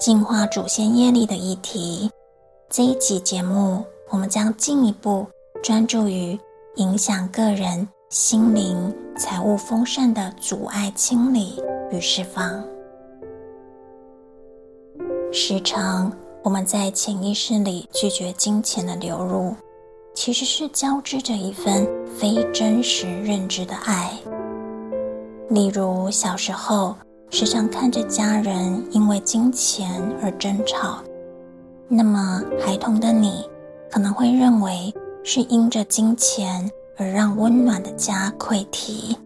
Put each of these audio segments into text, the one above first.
淨化祖先業力的議題，這一集節目我們將進一步專注於影響個人心靈、財富豐盛的阻礙清理與釋放。時常我們在潛意識裡拒絕金錢的流入，其實是交織着一份非真實認知的愛。例如小時候。時常看着家人因為金錢而爭吵，那麼孩童的你可能會認為是因着金錢而讓溫暖的家潰堤，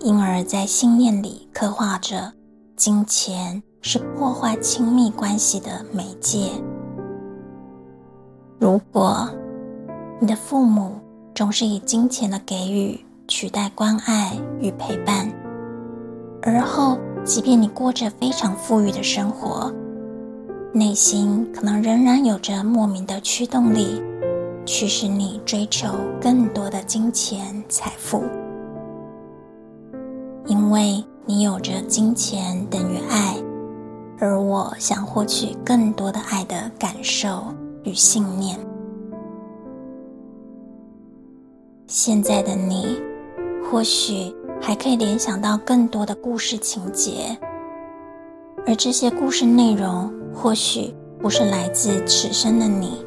因而在信念裡刻畫着金錢是破壞親密關係的媒介。如果你的父母總是以金錢的給予取代關愛與陪伴。而後，即便你過着非常富裕的生活，內心可能仍然有着莫名的驅動力，驅使你追求更多的金錢財富，因為你有着金錢等於愛，而我想獲取更多的愛的感受與信念。現在的你，或許，還可以聯想到更多的故事情節，而這些故事內容或許不是來自此生的你，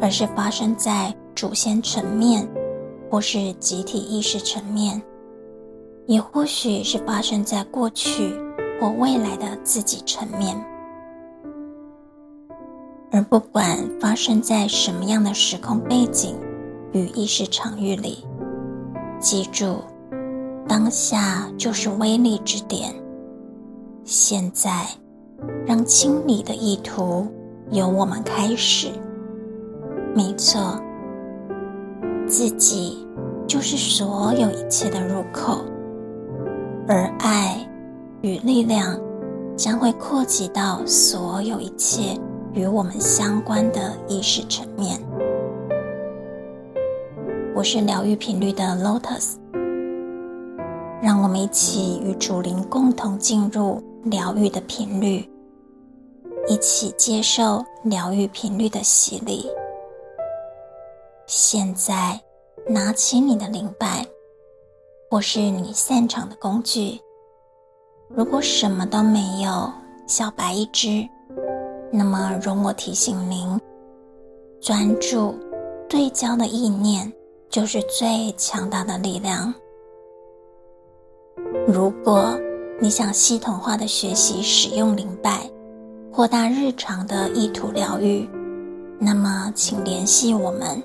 而是發生在祖先層面，或是集體意識層面，也或許是發生在過去或未來的自己層面。而不管發生在什麼樣的時空背景與意識場域裡，記住，當下就是威力之點。現在，讓清理的意圖由我們開始。沒錯，自己就是所有一切的入口，而愛與力量將會擴及到所有一切與我們相關的意識層面。我是療癒頻率的 Lotus。讓我們一起與祖靈們共同進入療癒的頻率，一起接受療癒頻率的洗禮。現在，拿起你的靈擺，或是你擅長的工具。如果什麼都沒有，小白一隻，那麼容我提醒您：專注、對焦的意念就是最強大的力量。如果你想系統化的學習使用靈擺，擴大日常的意圖療癒，那麼請聯繫我們。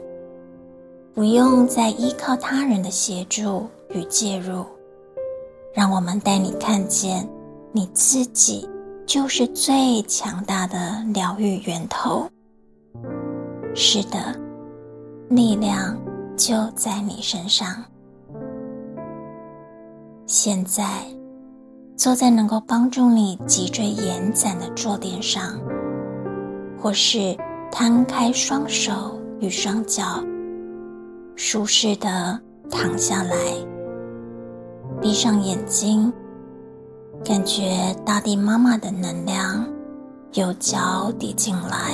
不用再依靠他人的協助與介入，讓我們帶你看見你自己就是最強大的療癒源頭。是的，力量就在你身上。現在，坐在能夠幫助你脊椎延展的坐墊上，或是攤開雙手與雙腳，舒適地躺下來。閉上眼睛，感覺大地媽媽的能量由腳底進來，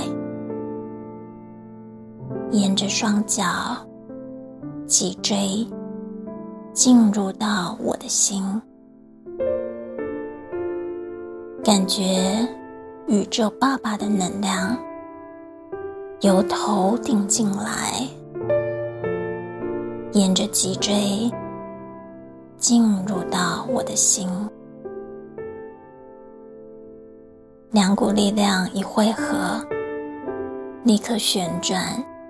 沿着雙腳、脊椎，進入到我的心，感覺宇宙爸爸的能量由頭頂進來，沿着脊椎進入到我的心，兩股力量一匯合，立刻旋轉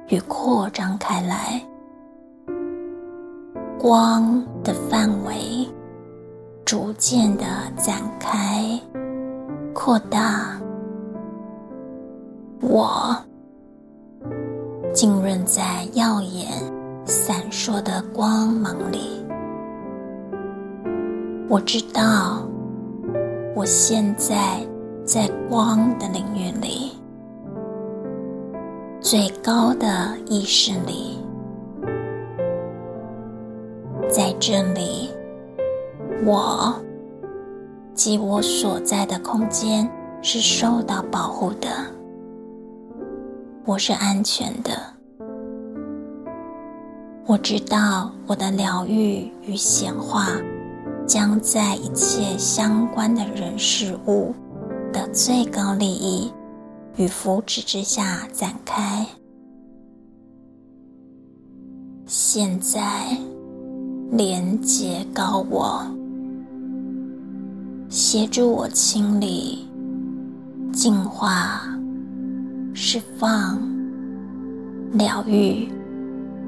與擴張開來。光的範圍逐漸地展開、擴大，我浸潤在耀眼閃爍的光芒裡。我知道，我現在在光的領域裡，最高的意識裡。這裡，我及我所在的空間是受到保護的，我是安全的。我知道我的療癒與顯化將在一切相關的人事物的最高利益與福祉之下展開。現在。連接高我，協助我清理、淨化、釋放、療癒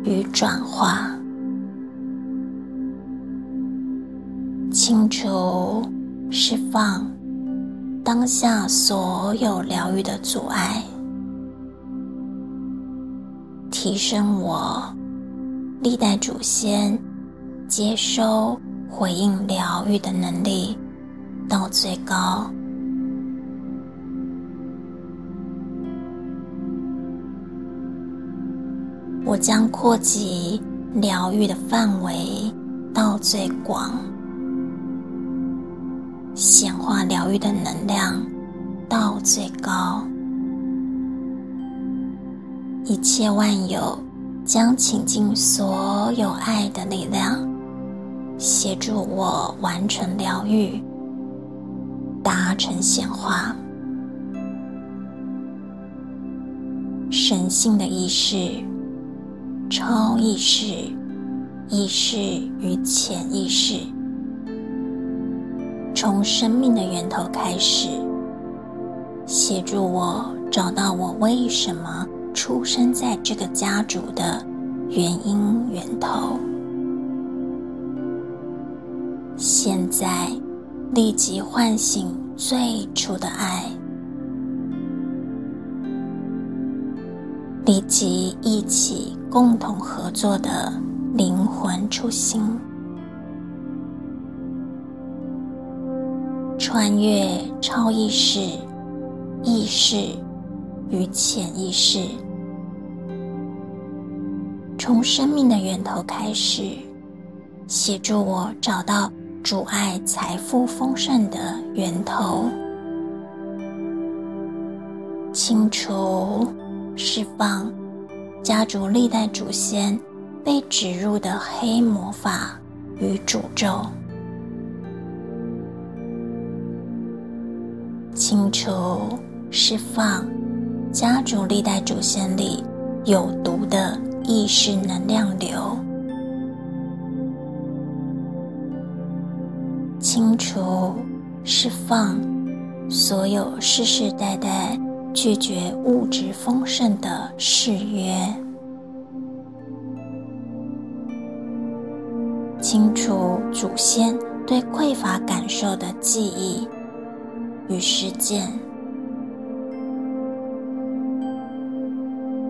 與轉化，清除、釋放當下所有療癒的阻礙，提升我，歷代祖先。接收、回應、療癒的能力到最高，我將擴及療癒的範圍到最廣，顯化療癒的能量到最高，一切萬有將傾盡所有愛的力量，協助我完成療癒，達成顯化神性的意識、超意識、意識與潛意識，從生命的源頭開始，協助我找到我為什麼出生在這個家族的原因源頭。現在，立即喚醒最初的愛，以及一起共同合作的靈魂初心，穿越超意識、意識與潛意識，從生命的源頭開始，協助我找到阻礙財富豐盛的源頭，清除、釋放家族歷代祖先被植入的黑魔法與詛咒，清除、釋放家族歷代祖先裡有毒的意識能量流。清除、釋放所有世世代代拒絕物質豐盛的誓約，清除祖先對匱乏感受的記憶與實踐，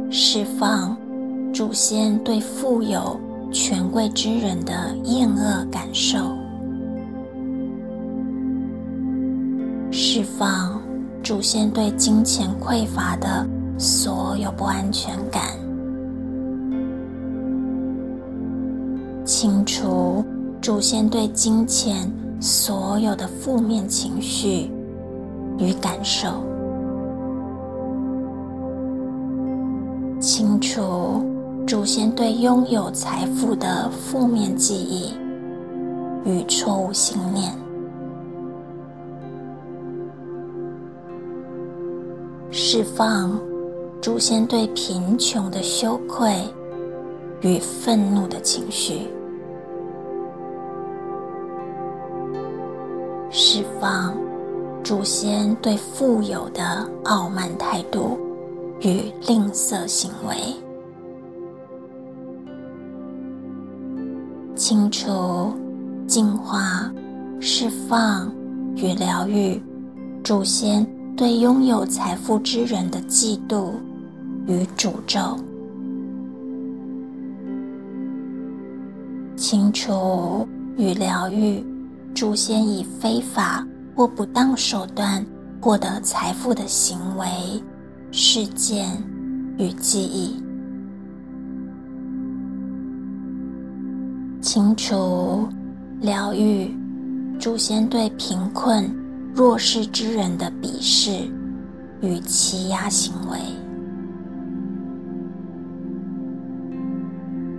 釋放祖先對富有權貴之人的厭惡感受。釋放祖先對金錢匱乏的所有不安全感，清除祖先對金錢所有的負面情緒與感受，清除祖先對擁有財富的負面記憶與錯誤信念。釋放祖先對貧窮的羞愧與憤怒的情緒，釋放祖先對富有的傲慢態度與吝嗇行為，清除、淨化、釋放與療癒祖先。對擁有財富之人的嫉妒與詛咒，清除與療癒祖先以非法或不當手段獲得財富的行為、事件與記憶，清除、療癒祖先對貧困。弱勢之人的鄙視與欺壓行為，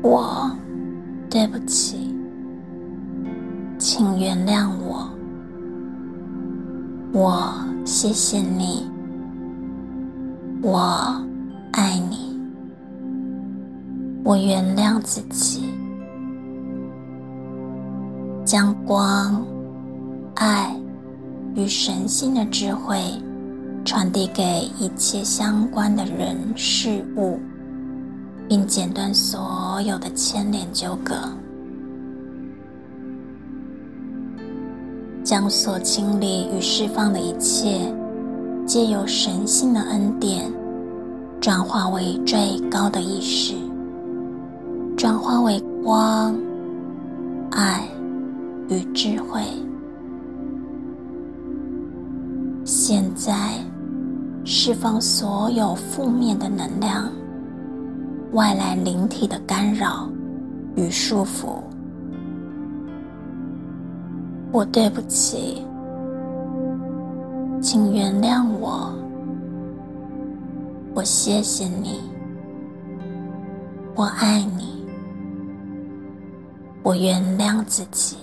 我對不起，請原諒我，我謝謝你，我愛你，我原諒自己，將光愛與神性的智慧傳遞給一切相關的人事物，並剪斷所有的牽連糾葛，將所清理與釋放的一切，藉由神性的恩典，轉化為最高的意識，轉化為光、愛與智慧。現在，釋放所有負面的能量、外來靈體的干擾與束縛。我對不起，請原諒我。我謝謝你，我愛你，我原諒自己。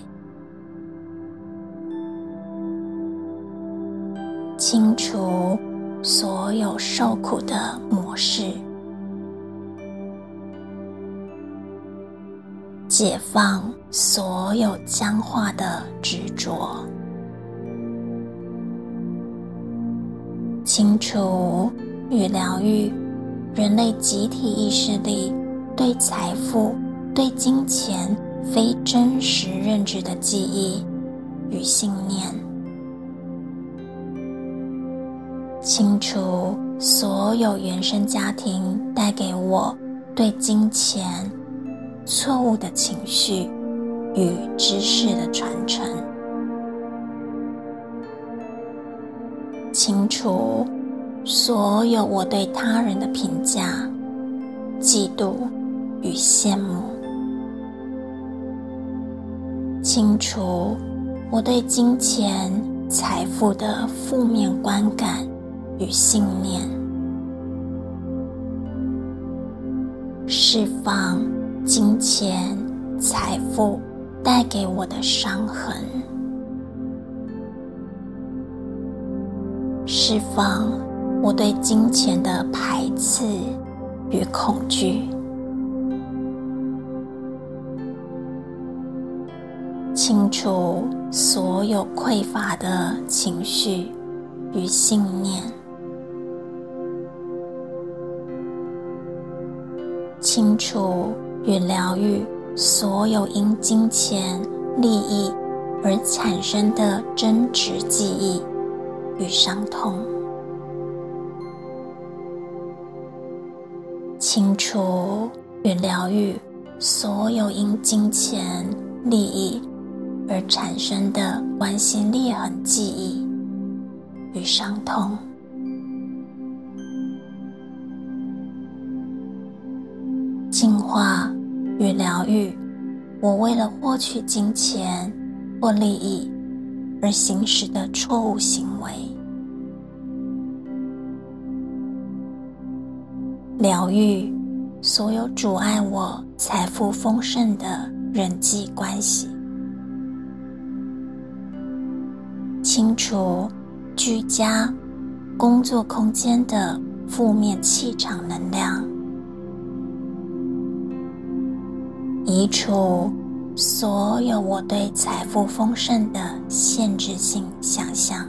清除所有受苦的模式，解放所有僵化的執着，清除與療癒人類集體意識裡對財富、對金錢非真實認知的記憶與信念。清除所有原生家庭帶給我對金錢錯誤的情緒與知識的傳承。清除所有我對他人的評價、嫉妒與羨慕。清除我對金錢財富的負面觀感。與信念，釋放金錢財富帶給我的傷痕，釋放我對金錢的排斥與恐懼，清除所有匱乏的情緒與信念。清除與療癒所有因金錢利益而產生的爭執記憶與傷痛；清除與療癒所有因金錢利益而產生的關係裂痕記憶與傷痛。淨化與療癒我為了獲取金錢或利益而行使的錯誤行為，療癒所有阻礙我財富豐盛的人際關係，清除居家、工作空間的負面氣場能量。移除所有我對財富豐盛的限制性想象，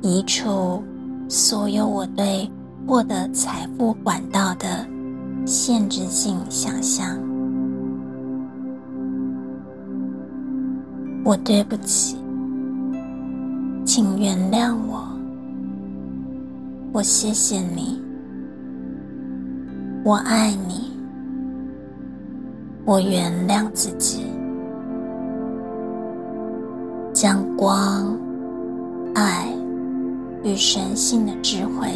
移除所有我對獲得財富管道的限制性想象。我對不起，請原諒我，我謝謝你。我愛你，我原諒自己，將光、愛與神性的智慧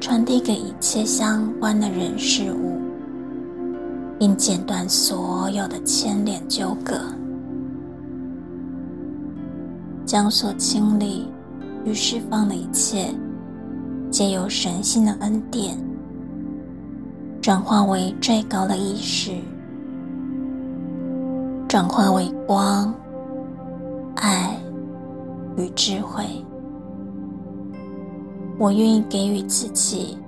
傳遞給一切相關的人事物，並剪斷所有的牽連糾葛，將所清理與釋放的一切藉由神性的恩典。轉化為最高的意識，轉化為光、愛與智慧。我願意給予自己，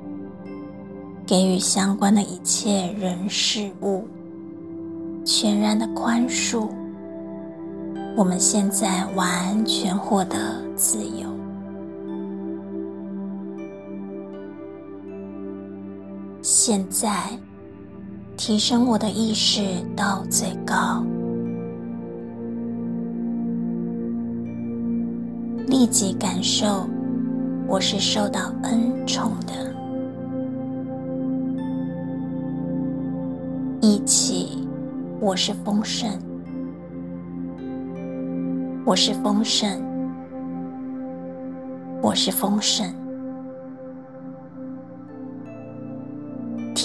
給予相關的一切人事物，全然的寬恕。我們現在完全獲得自由。現在，提升我的意識到最高，立即感受，我是受到恩寵的，一起，我是豐盛，我是豐盛，我是豐盛。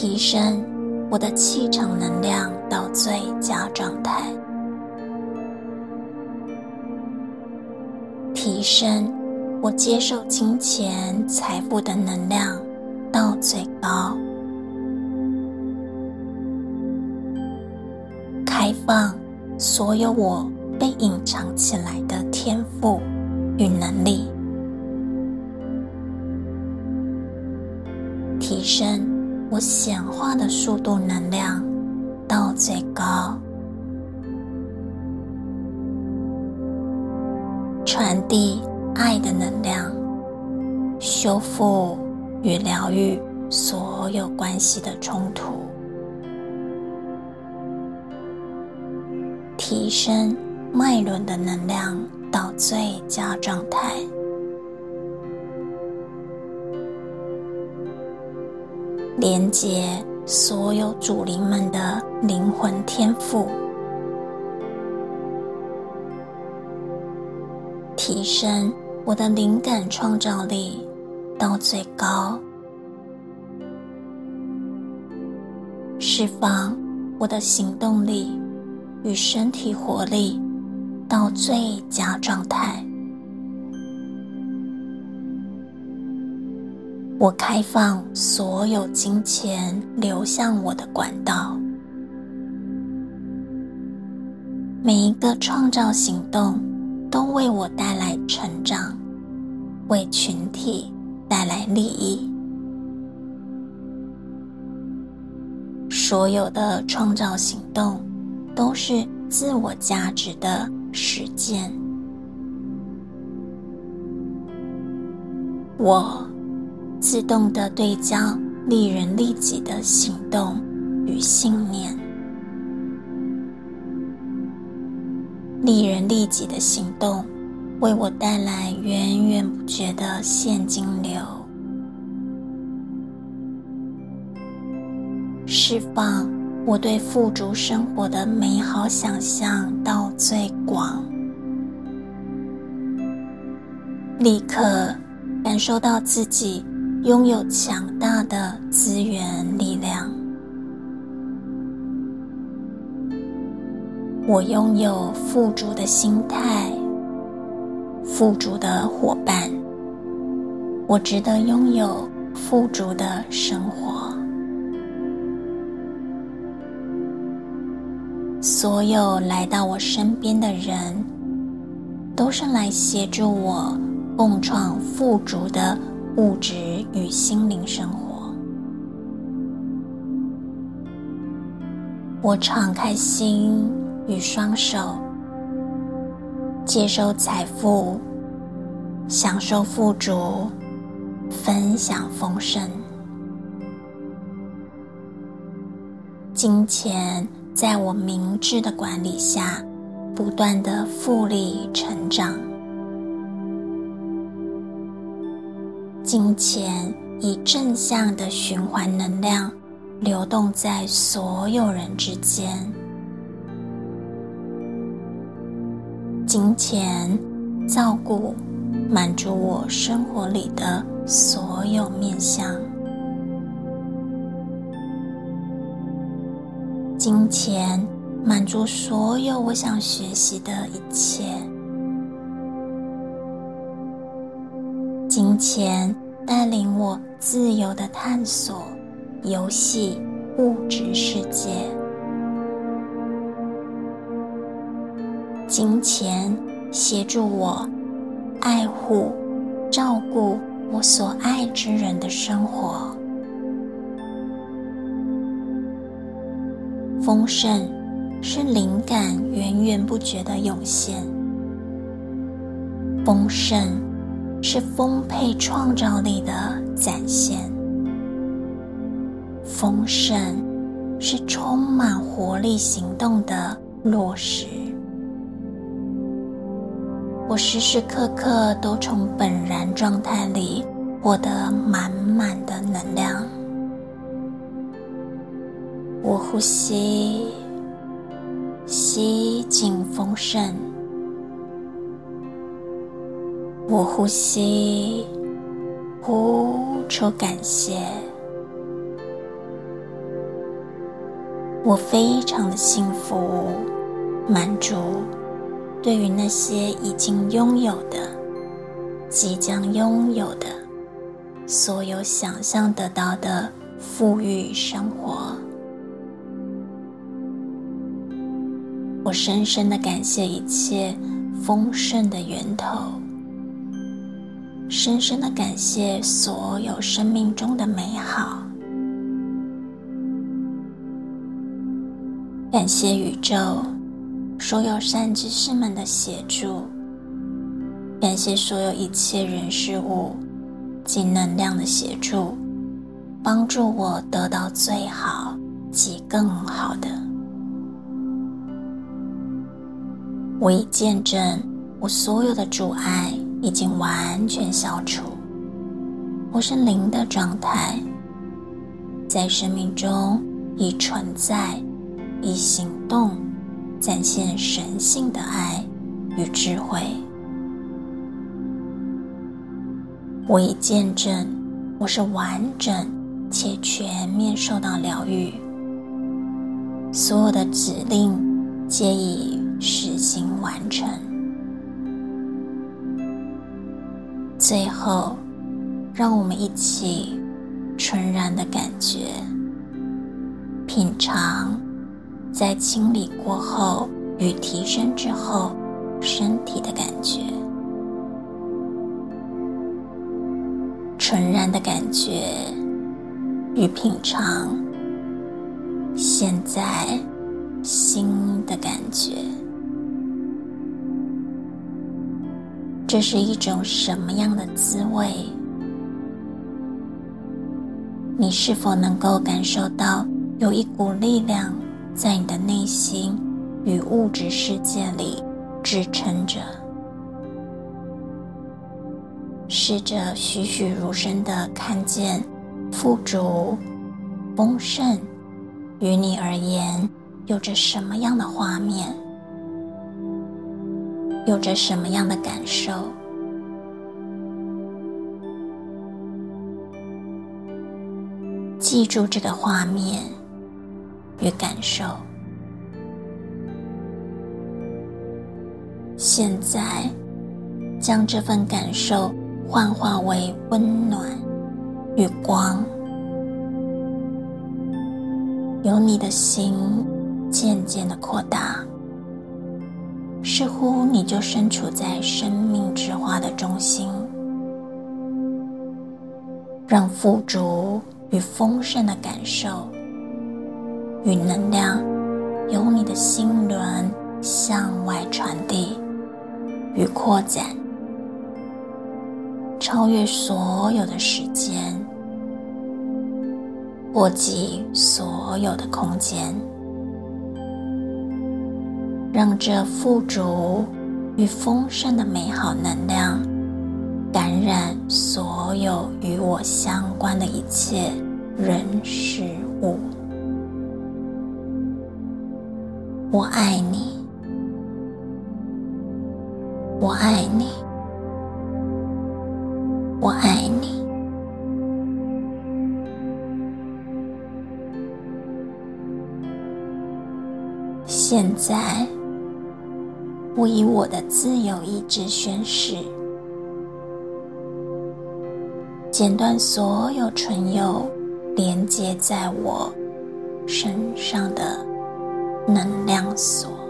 提升我的氣場能量到最佳狀態，提升我接受金錢財富的能量到最高，開放所有我被隱藏起來的天賦與能力。我顯化的速度能量到最高，傳遞愛的能量，修復與療癒所有關係的衝突，提升脈輪的能量到最佳狀態。連接所有主靈們的靈魂天賦，提升我的靈感創造力到最高，釋放我的行動力與身體活力到最佳狀態。我開放所有金錢流向我的管道。每一個創造行動都為我帶來成長，為群體帶來利益。所有的創造行動都是自我價值的實踐。我。自動的對焦，利人利己的行動與信念。利人利己的行動，為我帶來源源不絕的現金流。釋放我對富足生活的美好想象到最廣，立刻感受到自己。擁有強大的資源力量。我擁有富足的心態，富足的夥伴。我值得擁有富足的生活。所有來到我身邊的人，都是來協助我共創富足的。物質與心靈生活，我敞開心與雙手，接收財富，享受富足，分享豐盛。金錢在我明智的管理下，不斷的複利成長。金錢以正向的循環能量流動在所有人之間。金錢照顧、滿足我生活裡的所有面向。金錢滿足所有我想學習的一切。金錢帶領我自由地探索遊戲物質世界。金錢協助我愛護、照顧我所愛之人的生活。豐盛是靈感源源不絕的湧現。豐盛是豐沛創造力的展現，豐盛是充滿活力行動的落實。我時時刻刻都從本然狀態裡獲得滿滿的能量。我呼吸，吸進豐盛。我呼吸，呼出感謝。我非常的幸福、滿足，對於那些已經擁有的、即將擁有的、所有想象得到的富裕生活，我深深的感謝一切豐盛的源頭。深深的感謝所有生命中的美好，感謝宇宙所有善知識們的協助，感謝所有一切人事物及能量的協助，幫助我得到最好及更好的。我已見證我所有的阻礙。已經完全消除，我是零的狀態，在生命中以存在、以行動，展現神性的愛與智慧。我已見證，我是完整且全面受到療癒，所有的指令皆已實行完成。最後，讓我們一起純然的感覺，品嘗在清理過後與提升之後身體的感覺，純然的感覺與品嘗現在新的感覺。這是一種什麼樣的滋味？你是否能夠感受到有一股力量在你的內心與物質世界裡支撐着？試着栩栩如生的看見富足、豐盛，於你而言有着什麼樣的畫面？有着什麼樣的感受？記住這個畫面與感受。現在，將這份感受幻化為溫暖與光，由你的心漸漸的擴大。似乎，你就身處在生命之花的中心，讓富足與豐盛的感受與能量，由你的心輪向外傳遞與擴展，超越所有的時間，波及所有的空間。讓這富足與豐盛的美好能量感染所有與我相關的一切人事物。我愛你，我愛你，我愛你。現在。我以我的自由意志宣誓，剪斷所有唇釉連接在我身上的能量鎖。